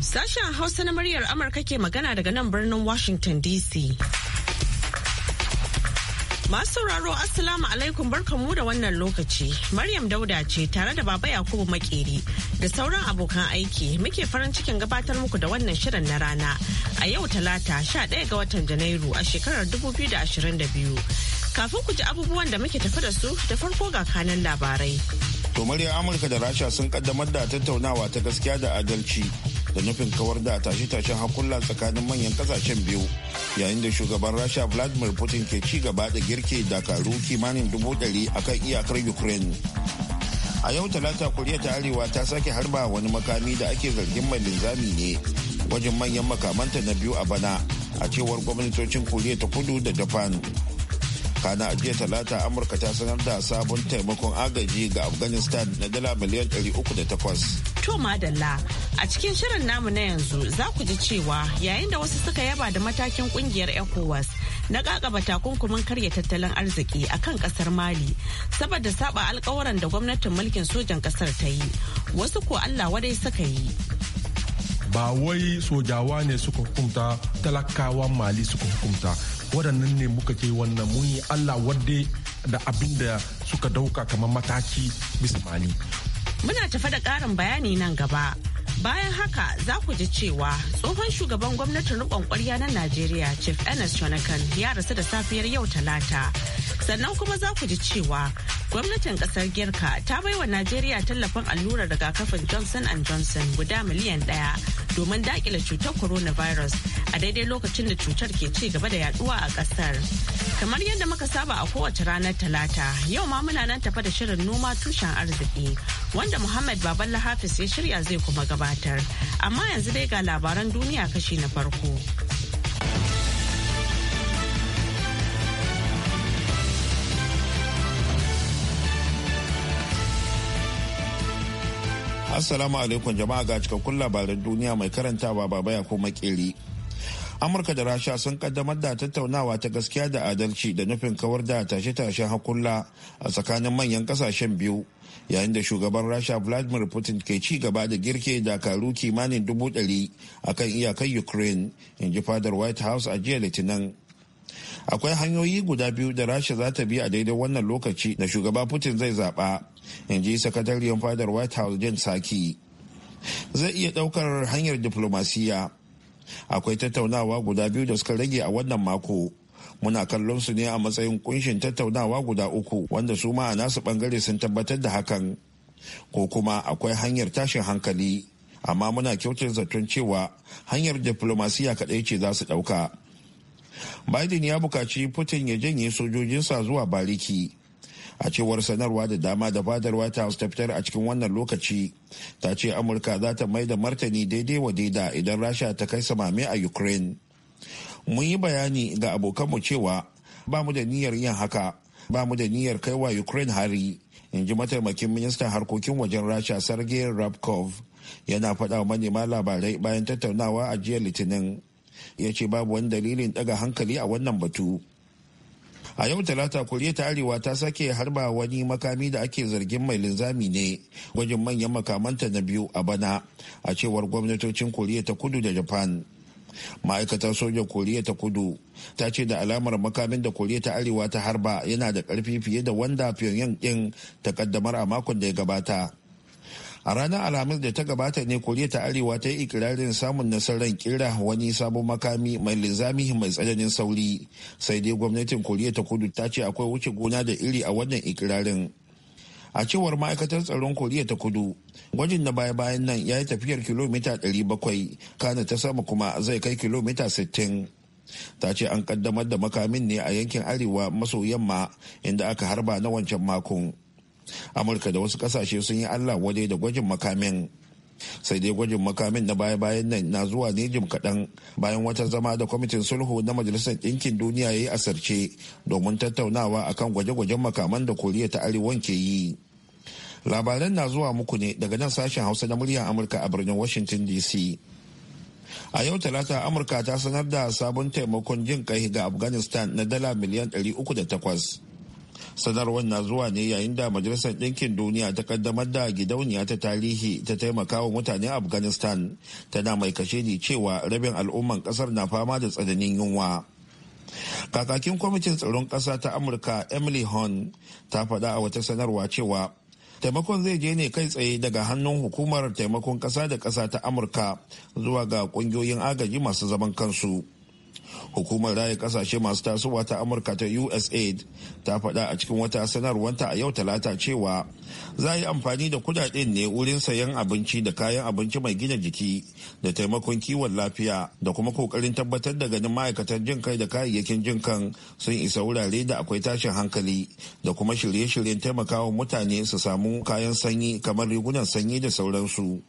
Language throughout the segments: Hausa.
Sashen Hausa na muryar Amurka ke magana daga nan birnin Washington DC. Masu sauraro Assalamu alaikum barkanmu da wannan lokaci. Maryam Dauda ce tare da Baba Yakubu Makeri da sauran abokan aiki muke farin cikin gabatar muku da wannan shirin na rana a yau talata 11 ga watan Janairu a shekarar 2022. Kafin ku ji abubuwan da muke tafi da su da farko ga kanan labarai. To murya Amurka da Rasha sun kaddamar da tattaunawa ta gaskiya da adalci da nufin kawar da tashe-tashen hakulla tsakanin manyan kasashen biyu yayin da shugaban rasha vladimir putin ke ci gaba da girke dakaru kimanin dubu ɗari a kan iyakar ukraine a yau talata koriya ta arewa ta sake harba wani makami da ake zargin mai linzami ne wajen manyan makamanta na biyu a bana a cewar gwamnatocin koriya ta kudu da japan kana a jiya talata amurka ta sanar da sabon taimakon agaji ga afghanistan na dala miliyan 308 to madalla a cikin shirin namu na yanzu za ku ji cewa yayin da wasu suka yaba da matakin kungiyar ecowas na kakaba takunkumin karya tattalin arziki a kan kasar mali saboda saba alkawaran da gwamnatin mulkin sojan kasar ta yi wasu ko allah wadai suka yi ba wai sojawa ne suka hukumta talakawan mali suka hukumta waɗannan ne muka ke wannan mun yi allah wadde da abin da suka dauka kamar mataki bismani muna tafa da ƙarin bayani nan gaba bayan haka za ku ji cewa tsohon shugaban gwamnatin rikon kwarya na najeriya chief ernest jonathan ya rasu da safiyar yau talata sannan kuma za ku ji cewa gwamnatin kasar girka ta baiwa najeriya tallafin allurar rigakafin johnson johnson guda miliyan ɗaya. domin dakile cutar coronavirus a daidai lokacin da cutar ke ci gaba da yaduwa a kasar. Kamar yadda muka saba a kowace ranar talata yau ma muna nan tafa da shirin noma tushen arziki wanda Muhammad Baballa Hafiz ya shirya zai kuma gabatar. Amma yanzu dai ga labaran duniya kashi na farko. Assalamu alaikum jama'a ga cikakkun labaran duniya mai karantawa baba ya ko makeri. amurka da rasha sun kaddamar da tattaunawa ta gaskiya da adalci da nufin kawar da tashe-tashen hakulla a tsakanin manyan kasashen biyu yayin da shugaban rasha vladimir putin ke ci gaba da girke dakaru kimanin dubu ɗari a kan iyakar ukraine in ji fadar white house a jiya litinin akwai hanyoyi guda biyu da rasha za ta bi a daidai wannan lokaci da shugaba putin zai zaɓa in ji sakatariyar fadar white house jen saki zai iya ɗaukar hanyar diflomasiyya akwai tattaunawa guda biyu da suka rage a wannan mako muna kallon su ne a matsayin kunshin tattaunawa guda uku wanda su ma a nasu bangare sun tabbatar da hakan ko kuma akwai hanyar tashin hankali amma muna kyautar zaton cewa hanyar diplomasiya kaɗai ce za su ɗauka biden ya bukaci putin ya janye sojojinsa zuwa bariki a cewar sanarwa da dama da fadar white house ta fitar a cikin wannan lokaci ta ce amurka za ta mai da martani daidai wa daida idan rasha ta kai samame a ukraine mun yi bayani ga abokanmu cewa ba mu da niyyar yin haka ba mu da niyyar kai wa ukraine hari in ji mataimakin ministan harkokin wajen rasha sergei rabkov yana faɗa wa manema labarai bayan tattaunawa a jiya litinin ya ce babu wani dalilin daga hankali a wannan batu a yau talata koriya ta arewa ta sake harba wani makami da ake zargin mai linzami ne gwajin manyan makamanta na biyu a bana a cewar gwamnatocin koriya ta kudu da japan ma'aikatar sojan koriya ta kudu ta ce da alamar makamin da koriya ta arewa ta harba yana da karfi fiye da wanda pyongyang din ta kaddamar a makon da ya gabata a ranar alhamis da ta gabata ne koriya ta arewa ta yi ikirarin samun nasarar kira wani sabon makami mai linzami mai tsananin sauri sai dai gwamnatin koriya ta kudu ta ce akwai wuce gona da iri a wannan ikirarin a cewar ma'aikatar tsaron koriya ta kudu gwajin na baya-bayan nan ya yi tafiyar kilomita 700 kana ta sama kuma zai kai kilomita 60 ta ce an kaddamar da makamin ne a yankin arewa maso yamma inda aka harba na wancan makon amurka da wasu kasashe sun yi allah wadai da gwajin makamin sai dai gwajin makamin na baya-bayan nan na zuwa ne jim kaɗan bayan wata zama da kwamitin sulhu na majalisar ɗinkin duniya ya yi asarce domin tattaunawa akan gwaje-gwajen makaman da koriya ta arewan ke yi labaran na zuwa muku ne daga nan sashen hausa na muryar amurka a birnin washington dc a yau talata amurka ta sanar da sabon taimakon jin kai ga afghanistan na dala miliyan 308 sanarwar na zuwa ne yayin da majalisar ɗinkin duniya ta kaddamar da gidauniya ta tarihi ta taimaka wa mutanen afghanistan tana mai kashe ni cewa rabin al'umman ƙasar na fama da tsananin yunwa kakakin kwamitin tsaron ƙasa ta amurka emily Hon ta faɗa a wata sanarwa cewa taimakon zai je ne kai tsaye daga hannun hukumar taimakon ƙasa da ƙasa ta amurka zuwa ga ƙungiyoyin agaji masu zaman kansu hukumar raya kasashe masu tasowa ta amurka ta usaid ta faɗa a cikin wata sanarwanta a yau talata cewa za yi amfani da kudaden ne wurin sayan abinci da kayan abinci mai gina jiki da taimakon kiwon lafiya da kuma kokarin tabbatar da ganin ma'aikatan jin kai da kayayyakin jin kan sun isa wurare da akwai tashin hankali da kuma shirye-shiryen taimakawa mutane su samu kayan sanyi kamar rigunan sanyi da sauransu.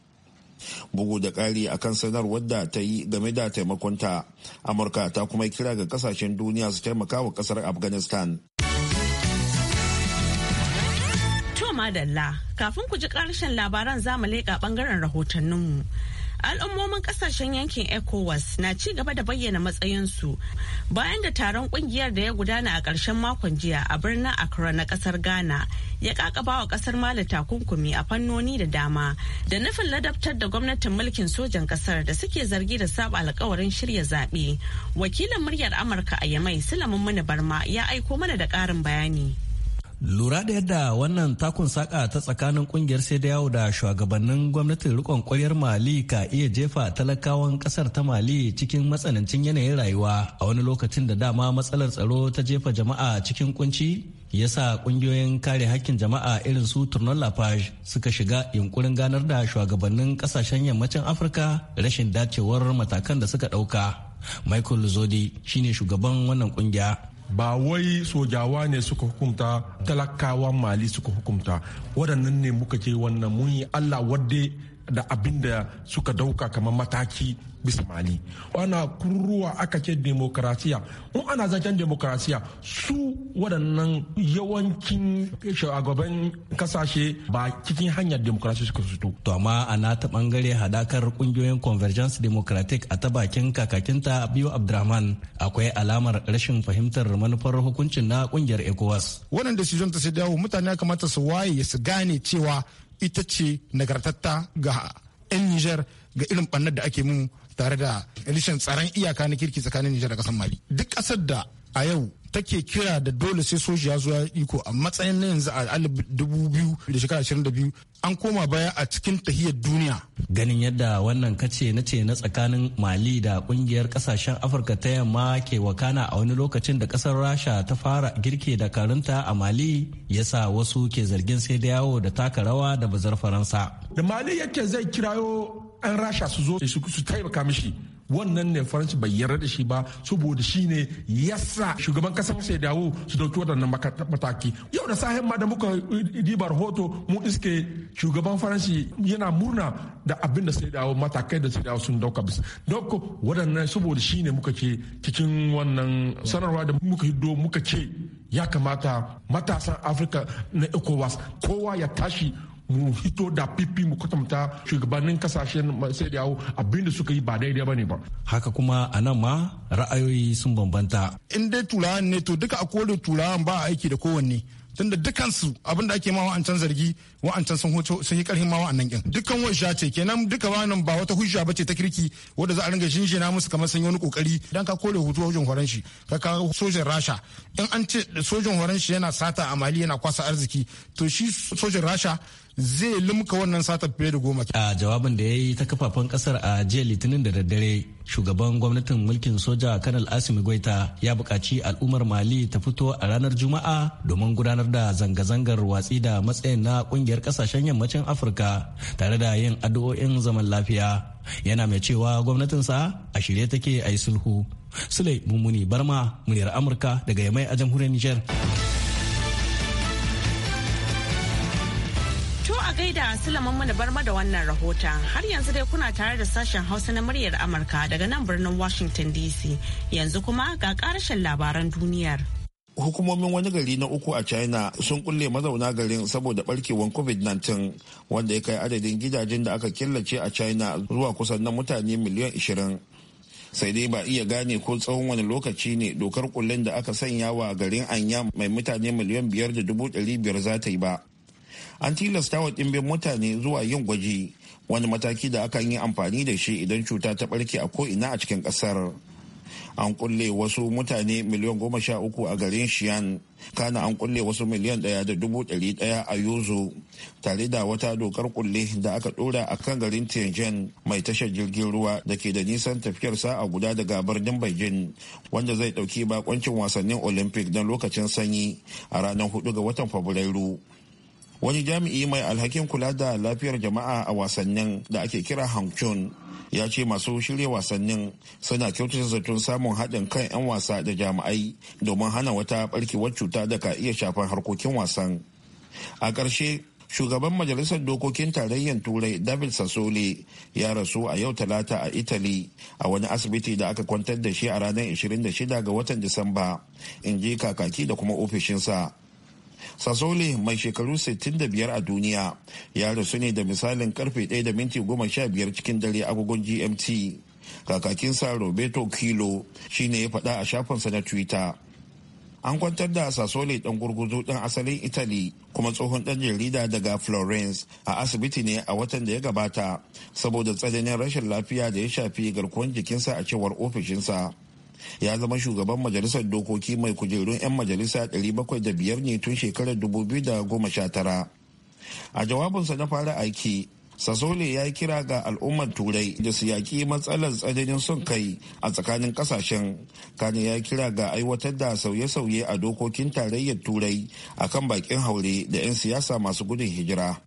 bugu da ƙari a kan sanarwar da ta yi game da taimakonta amurka ta kuma kira ga kasashen duniya su taimaka wa ƙasar afghanistan to madalla kafin ku ji ƙarshen labaran zamu leƙa ɓangaren rahotanninmu al'ummomin kasashen yankin ecowas na ci gaba da bayyana matsayin su bayan da taron kungiyar da ya gudana a ƙarshen makon jiya a birnin accra na ƙasar ghana ya kakaba wa ƙasar mali takunkumi a fannoni da dama da nufin ladabtar da gwamnatin mulkin sojan ƙasar da suke zargi da saba alkawarin shirya zaɓe wakilin muryar amurka a yamai sulamin mani barma ya aiko mana da ƙarin bayani lura da yadda wannan takun saka ta tsakanin ƙungiyar sai da yawo da shugabannin gwamnatin rikon kwaryar mali ka iya jefa talakawan kasar ta mali cikin matsanancin yanayin rayuwa a wani lokacin da dama matsalar tsaro ta jefa jama'a cikin kunci sa ƙungiyoyin kare hakkin jama'a irin su turnon lafage suka shiga yunkurin ganar da shugabannin ƙasashen yammacin afirka rashin dacewar matakan da suka ɗauka michael zodi shine shugaban wannan ƙungiya. ba wai sojawa ne suka hukumta talakawan mali suka hukumta waɗannan ne muka ce wannan mun yi allah wadde da abin da suka dauka kamar mataki bisa mali wana kururuwa aka ce demokarasiya in ana zaken demokarasiya su waɗannan yawancin shugaban kasashe ba cikin hanyar demokarasiya suka fito to amma ana ta bangare hadakar kungiyoyin convergence democratic a ta bakin kakakinta biyu abdurrahman akwai alamar rashin fahimtar manufar hukuncin na kungiyar ecowas wannan decision ta sai dawo mutane kamata su waye su gane cewa ita ce nagartatta ga 'yan Nijar ga irin ɓannar da ake mu tare da rashin tsaron iyaka na kirki tsakanin Nijar da ƙasar Mali. Duk ƙasar da a yau take kira da dole sai soji ya zo iko a matsayin na yanzu a dubu biyu da shekara ashirin da biyu an koma baya a cikin tahiyar duniya. Ganin yadda wannan kace na ce na tsakanin Mali da kungiyar kasashen Afirka ta yamma ke wakana a wani lokacin da kasar Rasha ta fara girke da karinta a Mali ya sa wasu ke zargin sai da yawo da taka rawa da bazar Faransa. Da Mali yake zai kirayo an Rasha su zo su taimaka mishi wannan ne faransa bai yarda da shi ba saboda shi ne yasa shugaban kasar sai dawo su dauki waɗannan mataki yau da sahen ma da muka diba rahoto mu iske shugaban faransa yana murna da abin da sai dawo matakai da sai dawo sun dauka bisa don waɗannan saboda shi ne muka ce cikin wannan sanarwa da muka hiddo muka ce ya kamata matasan afirka na ecowas kowa ya tashi mu hito da pipi mu kwatanta shugabannin kasashen sai da yawo abinda suka yi ba daidai ba ne ba. Haka kuma a nan ma ra'ayoyi sun bambanta. In dai turawan ne to duka a kore turawan ba a aiki da kowanne. tunda dukansu abin da ake ma wa'ancan zargi wa'ancan sun hoto sun yi karhin ma wa'annan kin dukkan wajja ce kenan duka wannan ba wata hujja bace ta kirki wanda za a ringa jinjina musu kamar sun yi wani kokari dan ka kore hoto wajen horon shi ka ka sojin rasha in an ce sojin horon shi yana sata a mali yana kwasa arziki to shi sojin rasha zai limka wannan satar fiye da goma. A jawabin da ya yi ta kafafen kasar a jiya litinin da daddare shugaban gwamnatin mulkin soja kanal asimi goita ya buƙaci al'ummar mali ta fito a ranar juma'a domin gudanar da zanga-zangar watsi da matsayin na ƙungiyar ƙasashen yammacin afirka tare da yin addu'o'in zaman lafiya yana mai cewa gwamnatinsa a shirye take a yi sulhu sule mummuni barma muryar amurka daga yamai a jamhuriyar nijar. gaida Sulaiman mana barma da wannan rahoton. Har yanzu dai kuna tare da sashen Hausa na muryar Amurka daga nan birnin Washington DC. Yanzu kuma ga karashen labaran duniyar. Hukumomin wani gari na uku a China sun kulle mazauna garin saboda barkewar COVID-19 wanda ya kai adadin gidajen da aka killace a China zuwa kusan na mutane miliyan 20. sai dai ba iya gane ko tsawon wani lokaci ne dokar kullum da aka sanya wa garin anya mai mutane miliyan biyar da dubu biyar za ta yi ba an tilasta wa ɗimbin mutane zuwa yin gwaji wani mataki da aka yi amfani da shi idan cuta ta ɓarke a ko'ina a cikin ƙasar an kulle wasu mutane miliyan goma sha uku a garin shiyan kana an kulle wasu miliyan ɗaya da dubu ɗari ɗaya a yuzu tare da wata dokar kulle da aka ɗora a kan garin tianjin mai tashar jirgin ruwa da ke da nisan tafiyar sa'a guda daga birnin beijing wanda zai ɗauki bakoncin wasannin olympic don lokacin sanyi a ranar hudu ga watan fabrairu wani jami'i mai alhakin kula da lafiyar jama'a a wasannin da ake kira hamchun ya ce masu shirya wasannin suna kyautata zaton samun haɗin kan 'yan wasa da jami'ai domin hana wata ɓarkewar cuta da ka iya shafan harkokin wasan a ƙarshe shugaban majalisar dokokin tarayyar turai david sassoli ya rasu a yau talata a italy a wani asibiti da aka kwantar da shi a ranar 26 ga watan disamba in je kakaki da kuma ofishinsa Sasole mai shekaru 65 a duniya ya rasu ne da misalin karfe 1:15 da minti biyar cikin dare agogon GMT. kakakin sa Roberto Kilo shine ya faɗa a shafinsa na Twitter. An kwantar da Sasole ɗan gurguzu ɗan asalin Italy kuma tsohon ɗan jarida daga Florence a asibiti ne a watan da ya gabata saboda tsananin rashin lafiya da ya shafi garkuwar jikinsa a cewar ofishinsa. ya zama shugaban majalisar dokoki mai kujerun 'yan majalisa 705 ne tun shekarar 2019 a jawabinsa na fara aiki sasole ya yi kira ga al'ummar turai da su yaƙi matsalar tsananin son kai a tsakanin ƙasashen kane ya kira ga aiwatar da sauye-sauye a dokokin tarayyar turai a kan bakin haure da 'yan siyasa masu gudun hijira.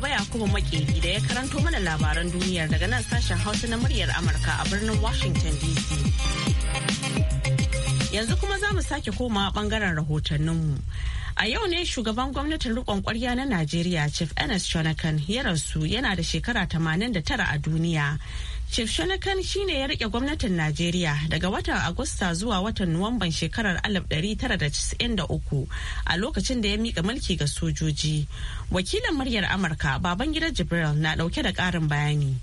Baba Yakubu Makeri da ya karanto mana labaran duniyar daga nan sashen Hausa na muryar Amurka a birnin Washington DC. Yanzu kuma za mu sake koma bangaren rahotanninmu. A yau ne shugaban gwamnatin rikon kwarya na Najeriya Chief Ernest Jonathan ya rasu yana da shekara 89 a duniya. Chief Shanakan shine ya rike gwamnatin Najeriya daga watan Agusta zuwa watan Nuwamban shekarar 1993 a lokacin da ya miƙa mulki ga sojoji. Wakilin muryar Amurka Babangida Jibril na ɗauke da ƙarin bayani.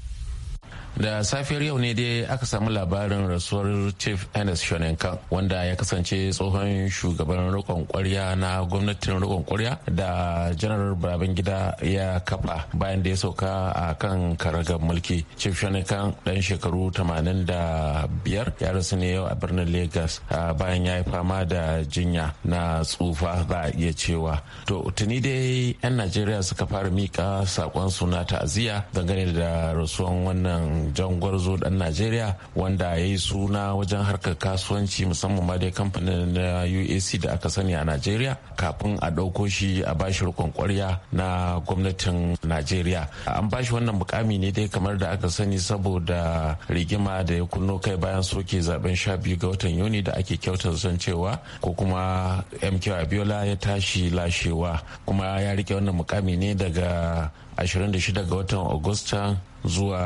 da safiyar yau ne dai aka samu labarin rasuwar chief ernest shonenka wanda ya kasance tsohon shugaban rikon kwarya na gwamnatin rikon kwarya da janar babangida ya kafa bayan da ya sauka a kan karagar mulki chief shonenka dan shekaru 85 ya rasu ne yau a birnin lagos bayan ya yi fama da jinya na tsufa ba a iya cewa to tuni dai 'yan najeriya suka fara mika saƙon suna ta'aziyya dangane da rasuwan wannan jan gwarzo dan najeriya wanda ya yi suna wajen harkar kasuwanci musamman ma dai kamfanin na uac da aka sani a najeriya kafin a ɗauko shi a bashi rikon kwarya na gwamnatin najeriya an bashi wannan mukami ne dai kamar da aka sani saboda rigima da ya kunno kai bayan soke zaben sha biyu ga watan yuni da ake kyautar san cewa ko kuma mk abiola ya tashi lashewa kuma ya rike wannan mukami ne daga 26 ga watan agusta zuwa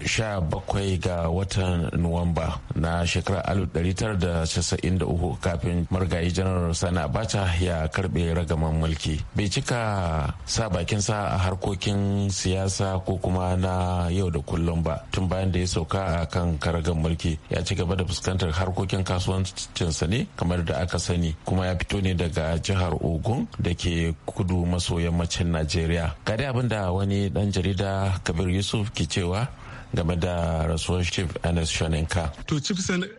17 ga watan nuwamba na shekarar 1993 kafin margayi janar sani abacha ya karbe ragaman mulki bai cika sa bakin sa a harkokin siyasa ko kuma na yau da kullum ba tun bayan da ya sauka a kan karagan mulki ya ci gaba da fuskantar harkokin kasuwancinsa ne kamar da aka sani kuma ya fito ne daga jihar ogun da ke kudu maso yammacin najeriya ga abin da wani dan jarida kabir yusuf ke cewa game da rasuwar chief ns shoninka to chief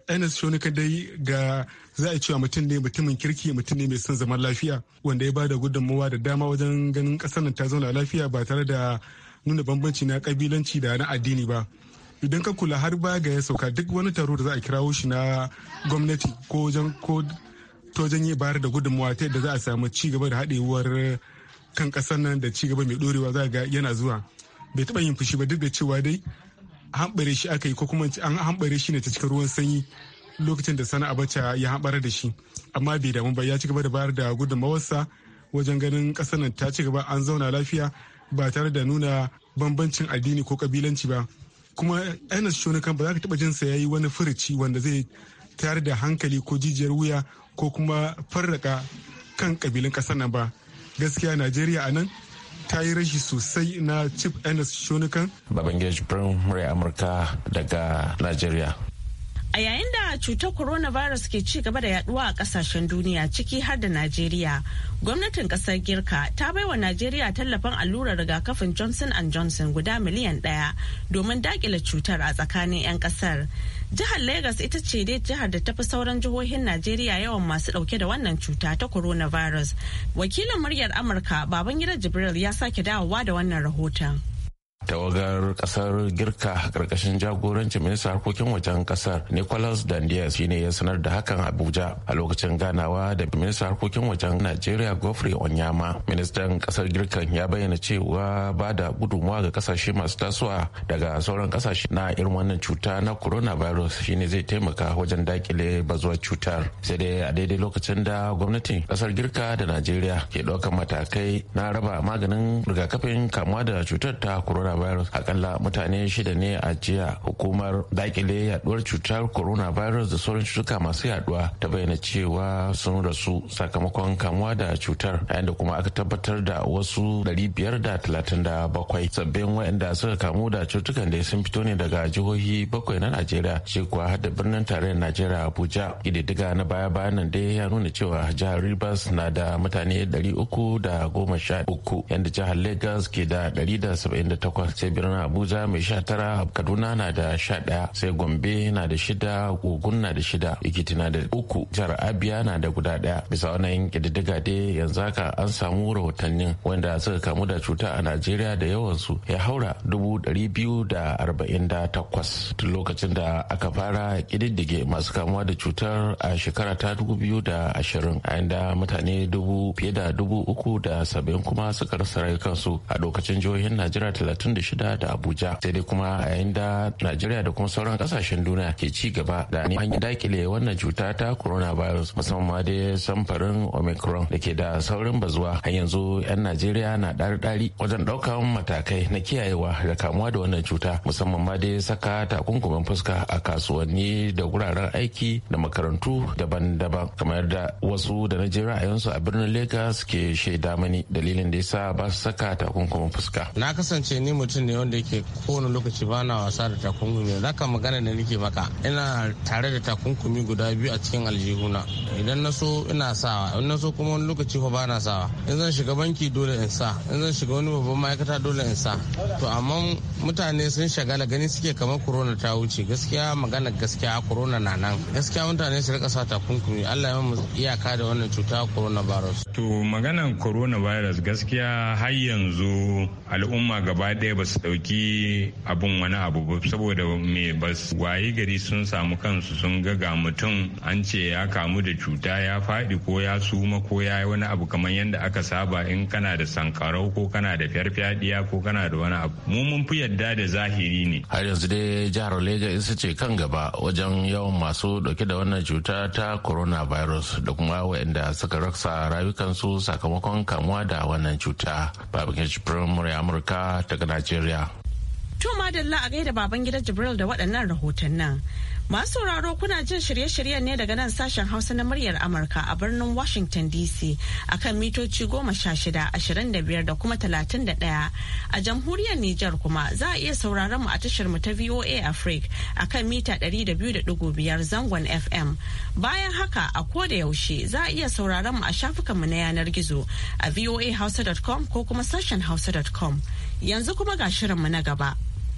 ns shoninka dai ga za a cewa mutum ne mutumin kirki mutum ne mai son zaman lafiya wanda ya bada gudunmawa da dama wajen ganin kasar nan ta zauna lafiya ba tare da nuna bambanci na kabilanci da na addini ba idan ka kula har ba ga ya sauka duk wani taro da za a kirawo shi na gwamnati ko wajen ko to wajen yi bayar da gudunmawa ta yadda za a samu ci gaba da haɗewar kan ƙasar nan da ci gaba mai ɗorewa za ga yana zuwa bai taɓa yin fushi ba duk da cewa dai hambare shi aka yi ko kuma an hambare shi ne ta cikin ruwan sanyi lokacin da sana'a abacha ya hambara da shi amma bai damu ba ya ci gaba da bayar da gudunmawarsa wajen ganin ƙasar nan ta ci gaba an zauna lafiya ba tare da nuna bambancin addini ko kabilanci ba kuma ainihin shonakan ba za ka taba jinsa ya yi wani furici wanda zai tare da hankali ko jijiyar wuya ko kuma farraka kan kabilun kasar nan ba gaskiya najeriya a nan ta yi rashi sosai na chief shonikan shonukan babangeji primary amurka daga nigeria a yayin da cutar coronavirus ke ci gaba da yaduwa a kasashen duniya ciki har da najeriya gwamnatin kasar girka ta bai wa najeriya tallafin allurar rigakafin johnson johnson guda miliyan daya domin dakile cutar a tsakanin 'yan kasar Jihar Legas ita ce dai jihar da tafi sauran jihohin Najeriya yawan masu dauke da wannan cuta ta coronavirus. Wakilin muryar Amurka Babangida Jibril ya sake dawowa da wannan rahoton. tawagar kasar girka karkashin jagorancin ministan harkokin wajen kasar nicholas dandias shine ya sanar da hakan abuja a lokacin ganawa da ministan harkokin wajen najeriya godfrey onyama ministan kasar girkan ya bayyana cewa ba da gudunmawa ga kasashe masu tasowa daga sauran kasashe na irin wannan cuta na coronavirus shine zai taimaka wajen dakile bazuwar cutar sai dai a daidai lokacin da gwamnatin kasar girka da najeriya ke ɗaukar matakai na raba maganin rigakafin kamuwa da cutar ta corona coronavirus akalla mutane shida ne a jiya hukumar dakile yaduwar cutar coronavirus da sauran cutuka masu yaduwa ta bayyana cewa sun rasu sakamakon kamuwa da cutar yayin da kuma aka tabbatar da wasu 537 sabbin waɗanda suka kamu da cutukan da sun fito ne daga jihohi bakwai na najeriya shi kuwa hada birnin tarayyar najeriya abuja ƙididdiga na baya bayan nan dai ya nuna cewa jihar rivers na da mutane 313 yadda jihar lagos ke da 178 sai birnin abuja mai sha tara kaduna na da sha ɗaya sai gombe na da shida ogun na da shida ikiti na da uku jihar abia na da guda ɗaya bisa wannan ƙididdiga dai yanzu haka an samu rahotannin wanda suka kamu da cuta a najeriya da yawansu ya haura dubu ɗari biyu da arba'in da takwas tun lokacin da aka fara ƙididdige masu kamuwa da cutar a shekara ta dubu biyu da ashirin a inda mutane dubu fiye da dubu uku da saba'in kuma suka rasa rayukansu a lokacin jihohin najeriya talatin 26 da Abuja sai dai kuma a yayin da Najeriya da kuma sauran kasashen duniya ke ci gaba da neman hanyar dakile wannan cuta ta coronavirus musamman ma dai samfarin Omicron da ke da saurin bazuwa har yanzu 'yan Najeriya na ɗari-ɗari wajen ɗaukan matakai na kiyayewa da kamuwa da wannan cuta musamman ma dai saka takunkumin fuska a kasuwanni da wuraren aiki da makarantu daban-daban kamar da wasu da na je ra'ayinsu a birnin Lagos ke shaida mani dalilin da yasa ba su saka takunkumin fuska. Na kasance ni mu mutum ne wanda yake kowane lokaci ba na wasa da takunkumi za ka magana da nake maka ina tare da takunkumi guda biyu a cikin aljihuna idan na so ina sawa in na so kuma wani lokaci ko ba na sawa in zan shiga banki dole in sa in zan shiga wani babban ma'aikata dole in sa to amma mutane sun shagala gani suke kamar corona ta wuce gaskiya magana gaskiya corona na nan gaskiya mutane su rika sa takunkumi Allah ya mu iyaka da wannan cuta corona virus to maganan corona virus gaskiya har yanzu al'umma gaba ɗaya ba su ɗauki abin wani abu ba saboda me ba wayi gari sun samu kansu sun ga ga mutum an ce ya kamu da cuta ya faɗi ko ya suma ko ya yi wani abu kamar yadda aka saba in kana da sankarau ko kana da farfadiya ko kana da wani abu mu mun fi yadda da zahiri ne har yanzu dai jihar Legas isa ce kan gaba wajen yawan masu dauke da wannan cuta ta coronavirus da kuma waɗanda suka rasa rayukansu sakamakon kamuwa da wannan cuta babu kish primary amurka ta Najeriya. To madalla a gaida baban gidan Jibril da waɗannan rahoton nan. Masu sauraro kuna jin shirye-shiryen ne daga nan sashen Hausa na muryar Amurka a birnin Washington DC akan mitoci goma sha shida, ashirin da biyar da kuma talatin da ɗaya. A jamhuriyar Nijar kuma za a iya sauraron mu a tashar mu ta VOA Africa akan mita ɗari da biyu da ɗigo biyar zangon FM. Bayan haka a ko da yaushe za a iya sauraron mu a shafukan mu na yanar gizo a voahausa.com ko kuma sashen hausa.com. Yanzu kuma ga shirin mu na gaba.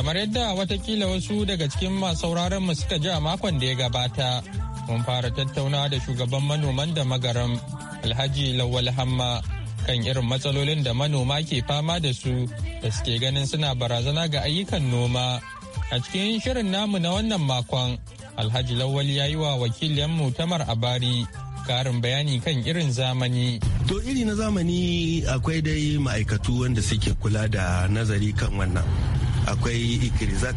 Kamar yadda watakila wasu daga cikin masu mu suka ji a makon da ya gabata, mun fara tattauna da shugaban manoman da magaram Alhaji Lawal Hamma kan irin matsalolin da manoma ke fama da su da suke ganin suna barazana ga ayyukan noma. A cikin shirin namu na wannan makon, Alhaji Lawal ya yi wa wakiliyanmu Tamar Abari karin bayani kan irin zamani. To iri na zamani akwai dai ma'aikatu wanda suke kula da nazari kan wannan. akwai ikirizak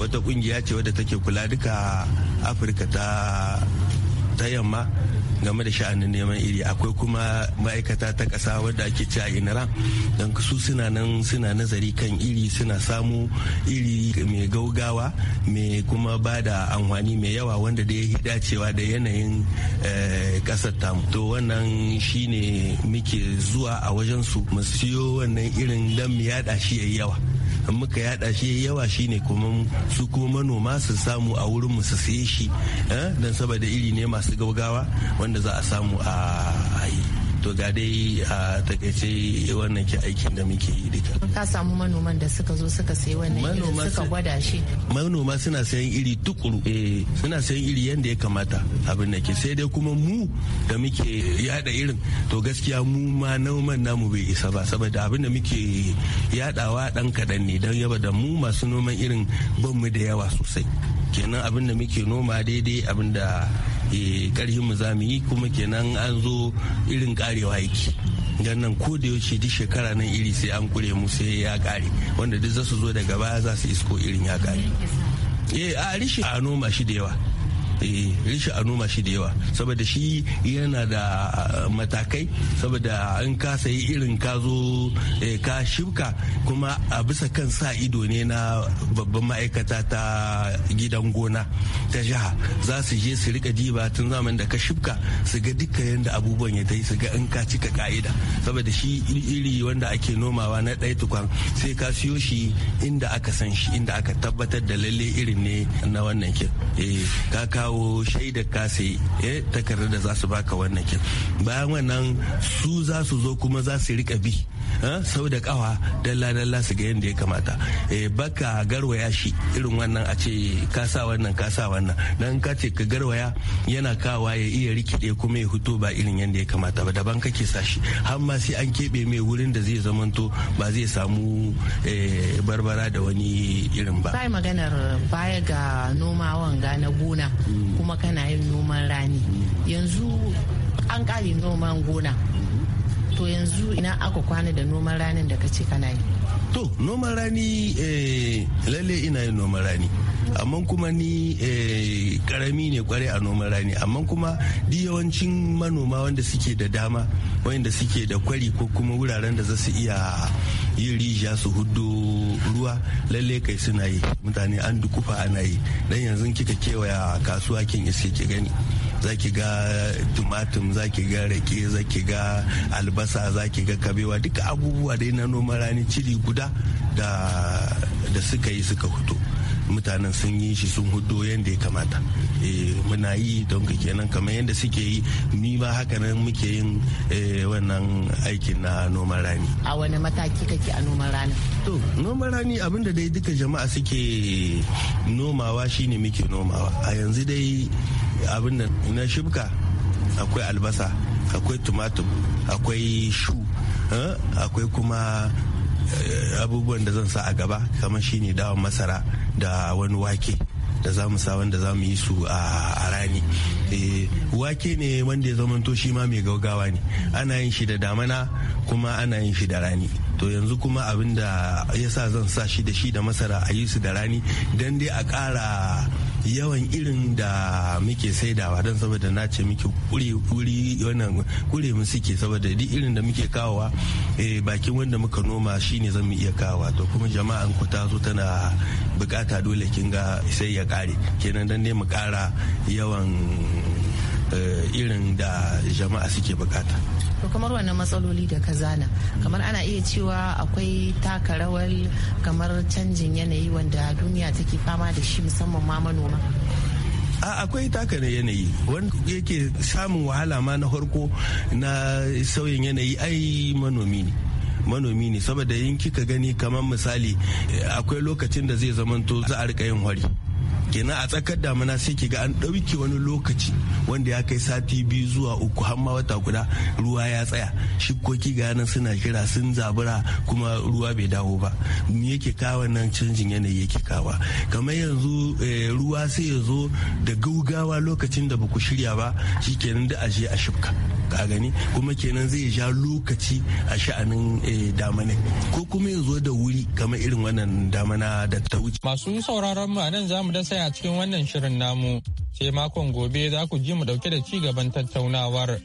wata kungiya ce wadda take kula duka afirka ta yamma game da sha'anin neman iri akwai kuma ma'aikata ta ƙasa wadda ake ci a inara don su suna nan suna nazari kan iri suna samu iri mai gaugawa mai kuma ba da amfani mai yawa wanda da ya dacewa da yanayin eh, ƙasar tamu to wannan shine muke zuwa a wajen su mu siyo wannan irin dan mu yada shi yayi yawa in muka yada shi yawa shine kuma su kuma manoma su samu a wurin mu su saye shi eh, don saboda iri ne masu gaugawa wanda za a samu a to ga dai a takaice wannan ke aikin da muke yi duka ka samu manoman da suka zo suka sayi wannan iri suka gwada shi manoma suna sayan iri tukuru eh suna sayan iri yanda ya kamata abin da ke sai dai kuma mu da muke yada irin to gaskiya mu ma noman namu bai isa ba saboda abin da muke yadawa dan kadan ne dan yaba da mu masu noman irin ban mu da yawa sosai kenan abin da muke noma daidai abin da karhin eh, mu za mu yi kuma kenan an zo irin karewa yake dan nan ko da yaushe duk shekara nan iri sai an kure mu sai ya kare wanda duk zasu zo daga baya za su isko irin ya kare eh a rishi a noma shi da yawa Eh, rishi a noma shi da yawa saboda shi yana da uh, matakai saboda in ka sayi irin ka zo eh, ka shibka kuma a bisa kan sa ido ne na babban ma'aikata ta gidan gona ta jiha za su je su rika diba tun zaman da ka shibka su ga duka yadda abubuwan ya ta yi su ga in ka cika ka'ida saboda shi iri wanda ake nomawa na ɗaya tukwan sai ka siyo shi inda aka san shi inda aka tabbatar da lalle irin ne na wannan kin eh, kawo shaida kasi eh takardar za su baka wannan kin bayan wannan su za su zo kuma za su rika bi Eh, sau da kawa dalla dalla su ga yadda ya kamata eh, baka garwaya shi irin wannan a ce ka sa wannan ka sa wannan dan ka ce ka garwaya yana kawa ya iya rikide kuma ya fito ba irin yadda ya kamata ba daban kake sa shi har ma sai an keɓe mai wurin da zai zamanto ba zai samu eh, barbara da wani irin ba. Kai maganar baya ga noma wanga na gona mm. kuma kana yin noman rani yanzu an kare noman gona to yanzu ina aka kwana da noman ranin da kace kana yi to noman rani eh, lalle ina yin noman rani amma kuma ni eh, karami ne kware a noman rani amma kuma di yawancin manoma wanda suke da dama wanda suke da kwari ko kuma wuraren da za su iya yi rijiya su hudu ruwa lalle kai suna yi mutane an dukufa ana yi dan yanzu kika kewaya kasuwa kin iske ki gani za ki ga tumatum za ki ga rake za ki ga albasa za ki ga kabewa duka abubuwa dai na noman rani ciri guda da suka yi suka hudu mutanen sun yi shi sun hudo yadda ya kamata eh, muna yi don kenan kamar yadda suke yi ni ba haka nan muke yin eh, wannan aikin na noman rani a wani mataki kake a noman rani to noman rani abinda dai duka jama'a suke nomawa shine muke nomawa a yanzu dai abin nan na shibka akwai albasa akwai tumatur akwai shu eh, akwai kuma eh, abubuwan da zan sa a gaba kamar shine dawon masara da wani wake da za mu sa wanda za mu yi su a rani eh, wake ne wanda ya zamanto shi ma mai gaugawa ne ana yin shi da damana kuma ana yin shi da rani to yanzu kuma abin da ya sa zan sa shi da shi da masara a yi su da rani don dai a ƙara yawan irin da muke saidawa don saboda na ce muke kuri wannan kure mu suke saboda duk irin da muke kawowa eh, bakin wanda muka noma shine zan mu iya kawowa to kuma jama'an ku ta zo tana bukata dole kin ga sai ya kare kenan dan ne mu kara yawan eh, irin da jama'a suke bukata to kamar wannan matsaloli da ka zana kamar ana iya cewa akwai taka rawar kamar canjin yanayi wanda duniya take fama da shi musamman ma manoma a akwai taka na yanayi wanda yake samun wahala ma na harko na sauyin yanayi ai manomi ne manomi ne saboda yin kika gani kamar misali eh, akwai lokacin da zai zamanto za a rika yin hwari kenan a tsakar damina sai ki ga an ɗauke wani lokaci wanda ya kai sati biyu zuwa uku har ma wata guda ruwa ya tsaya shikoki ga nan suna kira sun zabura kuma ruwa bai dawo ba me yake kawo nan canjin yanayi yake kawa kamar yanzu eh, ruwa sai ya zo da gaugawa lokacin da baku shirya ba shikenan da aje a shifka ka gani kuma kenan zai ja lokaci a sha'anin eh, damane ko kuma ya zo da wuri kamar irin wannan damana da ta wuce masu sauraron mu nan mu da saya a cikin wannan shirin namu sai makon gobe za ku ji mu dauke da ci gaban tattaunawar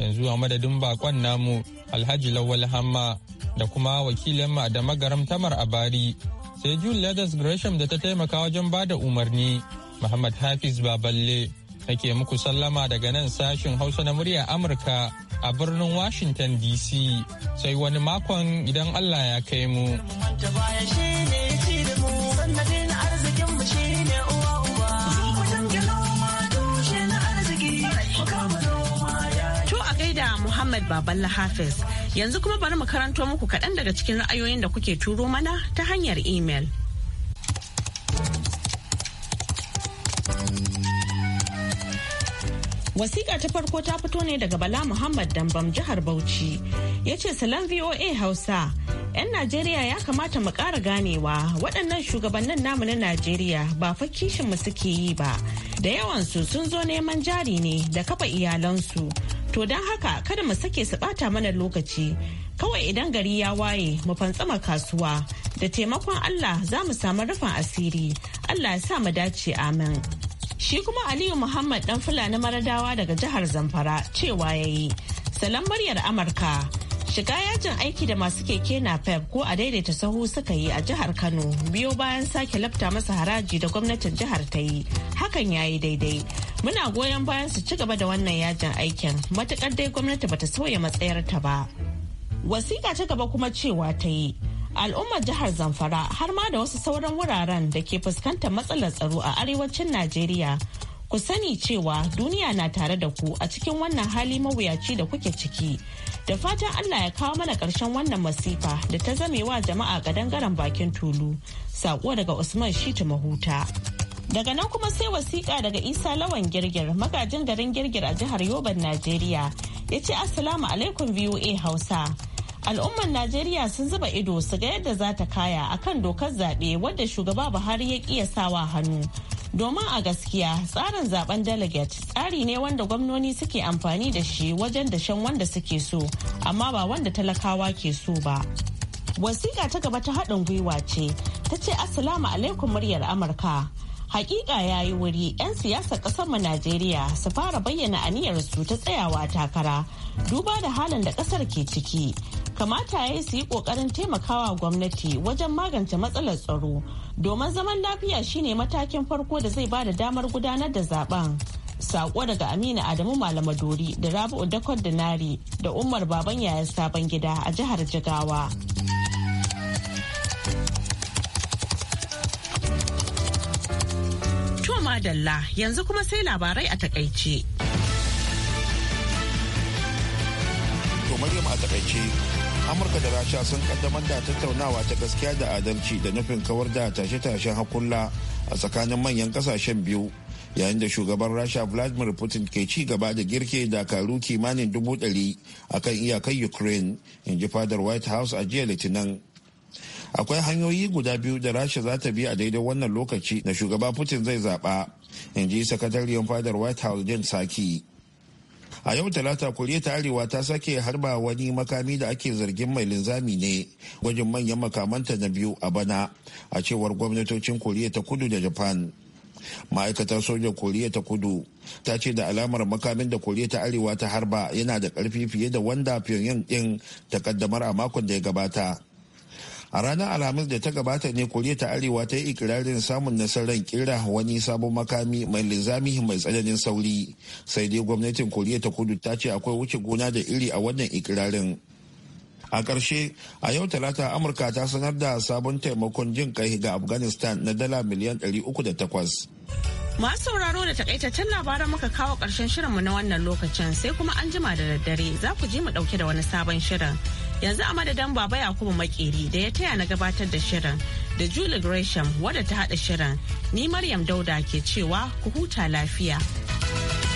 yanzu a madadin bakon namu alhaji lawal hamma da kuma wakilin ma da magaram tamar abari sai jun ladas gresham da ta taimaka wajen ba da umarni muhammad hafiz baballe nake muku sallama daga nan sashin hausa na murya amurka a birnin washington dc sai wani makon idan allah ya kai mu. Muhammad Baballa Hafiz. Yanzu kuma bari mu karanto muku kaɗan daga cikin ra'ayoyin da kuke turo mana ta hanyar imel. Wasiƙa ta farko ta fito ne daga Bala Muhammad Dambam jihar Bauchi. Ya ce salon VOA Hausa, 'yan Najeriya ya kamata mu ƙara ganewa waɗannan shugabannin namu na Najeriya ba fa kishin mu suke yi ba. Da yawansu sun zo neman jari ne da kafa iyalansu. To don haka kada mu sake su bata mana lokaci. Kawai idan gari ya waye mu fantsama kasuwa da taimakon Allah za mu samu rufin asiri. Allah ya sa mu dace amin. Shi kuma Aliyu Muhammad dan Fulani Maradawa daga jihar Zamfara cewa yayi. Salam muryar Amurka. Shiga yajin aiki da masu keke na pep ko a daidaita sahu suka yi a jihar Kano biyo bayan sake lafta masa haraji da gwamnatin jihar ta yi. Hakan ya yi daidai. Muna goyon bayan su ci gaba da wannan yajin aikin matukar dai gwamnati bata sauya matsayarta ba. Wasiƙa ta gaba kuma cewa ta yi. al'ummar jihar zamfara har ma da wasu sauran wuraren da ke fuskantar matsalar tsaro a arewacin najeriya Ku sani cewa duniya na tare da ku a cikin wannan hali mawuyaci da kuke ciki. Da fatan Allah ya kawo mana ƙarshen wannan masifa da ta zamewa jama'a gadangaren bakin tulu. Sako daga Usman Shitu Mahuta. Daga nan kuma sai wasiƙa daga Isa Lawan Girgir magajin garin Girgir a jihar Yoban, Najeriya. Ya ce Assalamu alaikum VOA Hausa. Al'ummar Najeriya sun zuba ido su ga yadda za ta kaya akan dokar zaɓe wadda shugaba Buhari ya ƙiya sawa hannu. domin a gaskiya tsarin zaben delegate tsari ne wanda gwamnoni suke amfani da shi wajen dashen wanda suke so amma ba wanda talakawa ke so ba wasiƙa ta gaba ta haɗin gwiwa ce ta ce assalamu alaikum muryar amurka hakika ya yi wuri 'yan siyasar kasar mu najeriya su fara bayyana aniyar su ta tsayawa takara duba da halin da kasar ke ciki kamata ya yi su yi kokarin taimakawa gwamnati wajen magance matsalar tsaro domin zaman lafiya shine matakin farko da zai ba da damar gudanar da zaben sako daga amina adamu malamadori da rabi'u dakon dinari da umar baban yaya sabon gida a jihar jigawa. Dalla yanzu kuma sai labarai a takaice. To a takaice amurka da rasha sun kaddamar da tattaunawa ta gaskiya da adalci da nufin kawar da tashe-tashen hakulla a tsakanin manyan kasashen biyu yayin da shugaban rasha vladimir putin ke ci gaba da girke dakaru kimanin dubu ɗari a kan iyakar ukraine in ji fadar white house a jiya litinin akwai hanyoyi guda biyu da rasha za ta bi a daidai wannan lokaci da shugaba putin zai zaɓa in ji sakatariyar fadar white house jen saki a yau talata koriya ta arewa ta sake harba wani makami da ake zargin mai linzami ne gwajin manyan makamanta na biyu a bana a cewar gwamnatocin koriya ta kudu da japan ma'aikatar sojan koriya ta kudu ta ce da alamar makamin da koriya ta arewa ta harba yana da karfi fiye da wanda pyongyang din ta kaddamar a makon da ya gabata a ranar alhamis da ta gabata ne koriya ta arewa ta yi ikirarin samun nasarar kira wani sabon makami mai linzami mai tsananin sauri sai dai gwamnatin koriya ta kudu ta ce akwai wuce gona da iri a wannan ikirarin a ƙarshe a yau talata amurka ta sanar da sabon taimakon jin kai ga afghanistan na dala miliyan 308 Masu sauraro da takaitaccen labaran muka kawo ƙarshen shirinmu na wannan lokacin sai kuma an jima da daddare za ku je mu ɗauke da wani sabon shirin. yanzu a madadin baba yakubu makeri da ya taya na gabatar da shirin da julie gresham wadda ta haɗa shirin ni maryam dauda ke cewa ku huta lafiya